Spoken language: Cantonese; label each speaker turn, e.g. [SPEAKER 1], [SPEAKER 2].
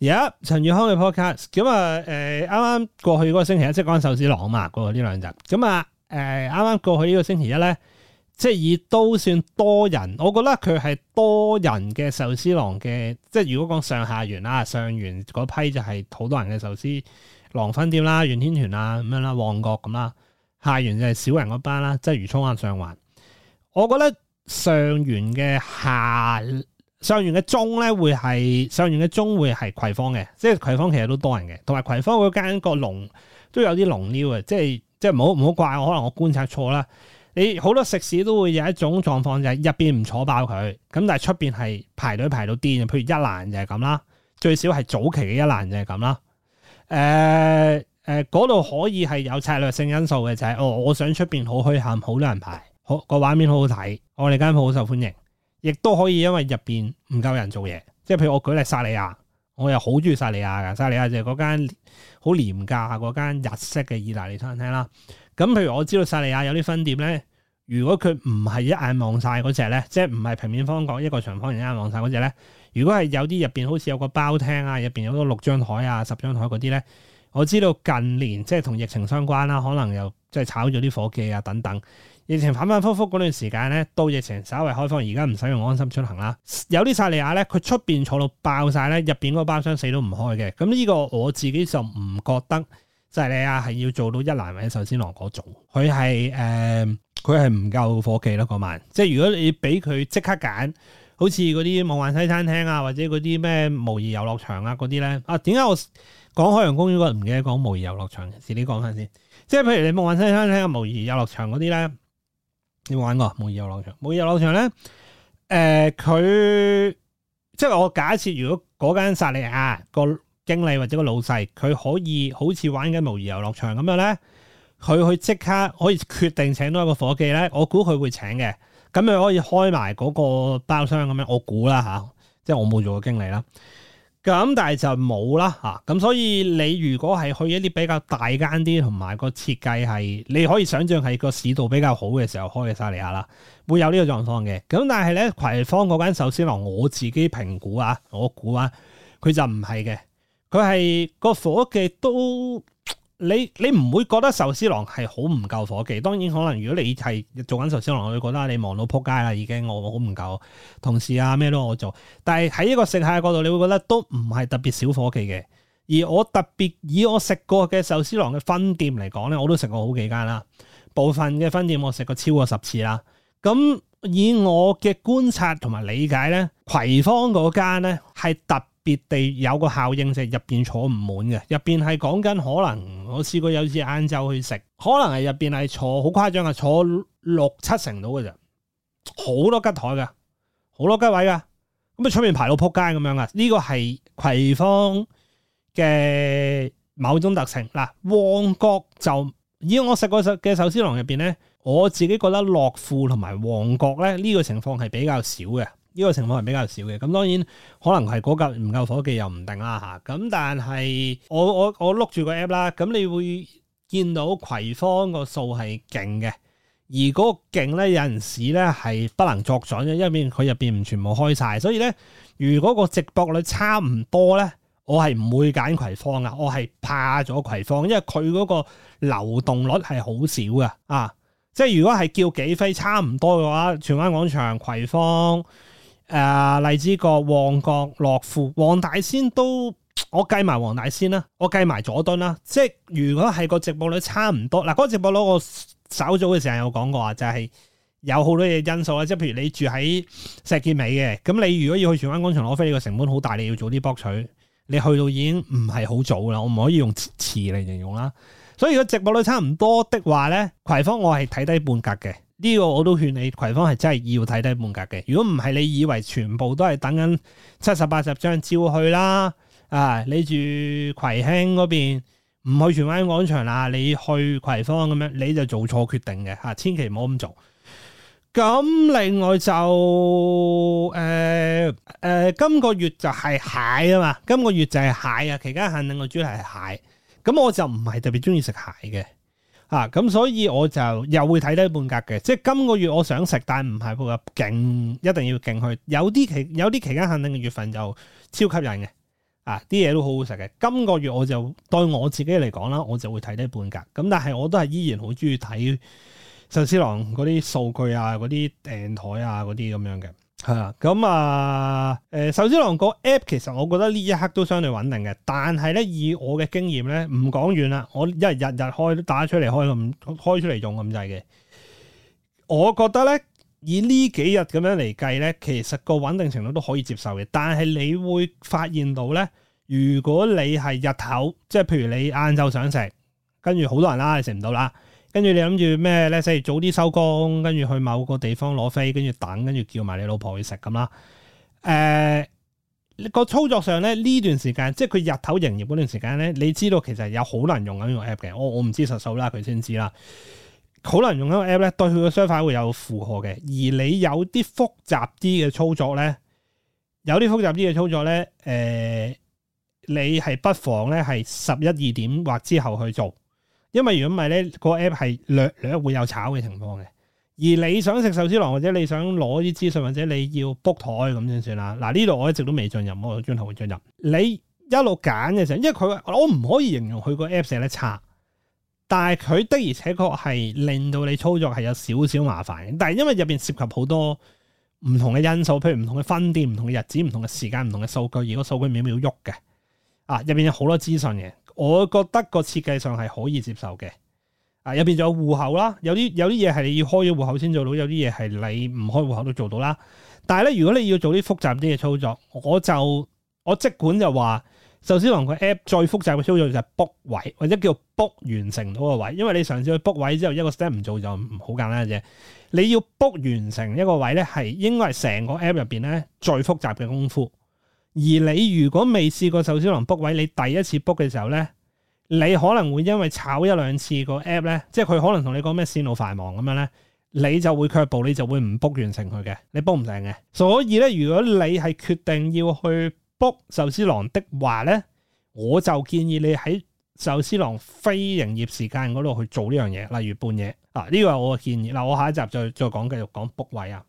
[SPEAKER 1] 而家、yep, 陳宇康嘅 podcast，咁、嗯、啊誒，啱啱過去嗰個星期一即係講壽司郎嘛，嗰、那個呢兩日，咁啊誒，啱、嗯、啱過去呢個星期一咧，即係已都算多人，我覺得佢係多人嘅壽司郎嘅，即係如果講上下沿啦，上元嗰批就係好多人嘅壽司郎分店啦，元天團啊咁樣啦，旺角咁啦，下沿就係少人嗰班啦，即係魚涌啊上環，我覺得上元嘅下。上元嘅鐘咧，會係上元嘅鐘會係葵芳嘅，即係葵芳其實都多人嘅，同埋葵芳嗰間個龍都有啲龍尿嘅，即係即係唔好唔好怪我，可能我觀察錯啦。你好多食肆都會有一種狀況就，就係入邊唔坐爆佢，咁但係出邊係排隊排到癲，譬如一蘭就係咁啦，最少係早期嘅一蘭就係咁啦。誒、呃、誒，嗰、呃、度可以係有策略性因素嘅就係、是哦，我我想出邊好墟冚，好多人排，好個畫面好好睇，我哋間鋪好受歡迎。亦都可以，因為入邊唔夠人做嘢，即係譬如我舉例薩莉亞，我又好中意薩莉亞嘅。薩莉亞就係嗰間好廉價嗰間日式嘅意大利餐廳啦。咁譬如我知道薩莉亞有啲分店咧，如果佢唔係一眼望晒嗰隻咧，即係唔係平面方角一個長方形一眼望晒嗰隻咧，如果係有啲入邊好似有個包廳啊，入邊有個六張台啊、十張台嗰啲咧，我知道近年即係同疫情相關啦，可能又即係炒咗啲伙計啊等等。疫情反反覆覆嗰段時間咧，到疫情稍為開放，而家唔使用安心出行啦。有啲薩利亞咧，佢出邊坐到爆晒咧，入邊嗰個包廂死都唔開嘅。咁呢個我自己就唔覺得薩利亞係要做到一蘭為壽司郎嗰種，佢係誒佢係唔夠火氣咯嗰晚。即係如果你俾佢即刻揀，好似嗰啲夢幻西餐廳啊，或者嗰啲咩模擬遊樂場啊嗰啲咧，啊點解我講海洋公園嗰唔記得講模擬遊樂場？自己講翻先。即係譬如你夢幻西餐廳、模擬遊樂場嗰啲咧。你玩過模擬遊樂場？模擬遊樂場咧，誒、呃，佢即係我假設，如果嗰間薩利亞個經理或者個老細，佢可以好似玩緊模擬遊樂場咁樣咧，佢去即刻可以決定請到一個夥計咧，我估佢會請嘅，咁佢可以開埋嗰個包廂咁樣，我估啦吓，即係我冇做過經理啦。咁但係就冇啦嚇，咁、啊、所以你如果係去一啲比較大間啲同埋個設計係你可以想象係個市道比較好嘅時候開嘅沙利亞啦，會有呢個狀況嘅。咁但係咧，葵芳嗰間壽司郎，我自己評估啊，我估啊，佢就唔係嘅，佢係個火氣都。你你唔會覺得壽司郎係好唔夠伙計？當然可能如果你係做緊壽司郎，你覺得你忙到撲街啦，已經我好唔夠同事啊咩都我做。但係喺一個食客角度，你會覺得都唔係特別少伙計嘅。而我特別以我食過嘅壽司郎嘅分店嚟講咧，我都食過好幾間啦。部分嘅分店我食過超過十次啦。咁以我嘅觀察同埋理解咧，葵芳嗰間咧係特。跌地有個效應就係、是、入邊坐唔滿嘅，入邊係講緊可能我試過有次晏晝去食，可能係入邊係坐好誇張啊，坐六七成度嘅咋，好多吉台噶，好多吉位噶，咁啊出面排到撲街咁樣啊，呢、這個係葵芳嘅某種特性。嗱，旺角就以我食過嘅壽司郎入邊咧，我自己覺得樂富同埋旺角咧呢、這個情況係比較少嘅。呢個情況係比較少嘅，咁當然可能係嗰嚿唔夠火氣又唔定啦嚇。咁但係我我我碌住個 app 啦，咁你會見到葵芳個數係勁嘅，而嗰個勁咧有陣時咧係不能作準嘅，因為佢入邊唔全部開晒。所以咧如果個直播率差唔多咧，我係唔會揀葵芳噶，我係怕咗葵芳，因為佢嗰個流動率係好少嘅啊。即係如果係叫幾飛差唔多嘅話，荃灣廣場葵、葵芳。誒，荔枝角、旺角樂富，黃大仙都，我計埋黃大仙啦，我計埋佐敦啦。即係如果係個直播率差唔多，嗱、那、嗰個直播率我稍早嘅時候有講過話，就係、是、有好多嘢因素啦。即係譬如你住喺石硤尾嘅，咁你如果要去荃灣廣場攞飛，你個成本好大，你要早啲 book 取，你去到已經唔係好早啦。我唔可以用遲嚟形容啦。所以如果直播率差唔多的話咧，葵芳我係睇低半格嘅。呢個我都勸你，葵芳係真係要睇低半格嘅。如果唔係，你以為全部都係等緊七十八十張照去啦？啊，你住葵興嗰邊唔去荃灣廣場啦，你去葵芳咁樣，你就做錯決定嘅吓、啊，千祈唔好咁做。咁、啊、另外就誒誒、呃呃呃，今個月就係蟹啊嘛，今個月就係蟹啊，期間限定個主題係蟹。咁我就唔係特別中意食蟹嘅。啊，咁所以我就又會睇低半格嘅，即係今個月我想食，但唔係配入勁，一定要勁去。有啲期有啲期間限定嘅月份就超吸引嘅，啊啲嘢都好好食嘅。今個月我就對我自己嚟講啦，我就會睇低半格。咁但係我都係依然好中意睇壽司郎嗰啲數據啊、嗰啲訂台啊、嗰啲咁樣嘅。係啦，咁啊、嗯，誒、呃，壽司郎 app 其實我覺得呢一刻都相對穩定嘅，但係咧，以我嘅經驗咧，唔講遠啦，我一日日日開都打出嚟開咁開出嚟用咁滯嘅，我覺得咧，以幾呢幾日咁樣嚟計咧，其實個穩定程度都可以接受嘅，但係你會發現到咧，如果你係日頭，即係譬如你晏晝想食，跟住好多人啦，你食唔到啦。跟住你諗住咩咧？即係早啲收工，跟住去某個地方攞飛，跟住等，跟住叫埋你老婆去食咁啦。誒，呃，那個操作上咧，呢段時間，即係佢日頭營業嗰段時間咧，你知道其實有好多人用緊呢個 app 嘅。我我唔知實數啦，佢先知啦。好多人用緊個 app 咧，對佢嘅相反會有負荷嘅。而你有啲複雜啲嘅操作咧，有啲複雜啲嘅操作咧，誒、呃，你係不妨咧係十一二點或之後去做。因為如果唔係咧，個 app 係略略會有炒嘅情況嘅。而你想食壽司郎或者你想攞啲資訊，或者你要 book 台咁先算啦。嗱，呢度我一直都未進入，我轉頭會進入。你一路揀嘅時候，因為佢，我唔可以形容佢個 app 寫得差，但係佢的而且確係令到你操作係有少少麻煩。但係因為入邊涉及好多唔同嘅因素，譬如唔同嘅分店、唔同嘅日子、唔同嘅時間、唔同嘅數據，而個數據秒秒喐嘅啊，入邊有好多資訊嘅。我覺得個設計上係可以接受嘅，啊，入邊仲有戶口啦，有啲有啲嘢係你要開咗戶口先做到，有啲嘢係你唔開戶口都做到啦。但係咧，如果你要做啲複雜啲嘅操作，我就我即管就話，壽司郎個 app 最複雜嘅操作就係 book 位，或者叫 book 完成到個位。因為你上次去 book 位之後，一個 step 唔做就唔好簡單嘅啫。你要 book 完成一個位咧，係應該係成個 app 入邊咧最複雜嘅功夫。而你如果未試過壽司郎 book 位，你第一次 book 嘅時候咧，你可能會因為炒一兩次個 app 咧，即係佢可能同你講咩綫路繁忙咁樣咧，你就會卻步，你就會唔 book 完成佢嘅，你 book 唔成嘅。所以咧，如果你係決定要去 book 壽司郎的話咧，我就建議你喺壽司郎非營業時間嗰度去做呢樣嘢，例如半夜啊，呢個係我嘅建議。嗱，我下一集再再講，繼續講 book 位啊。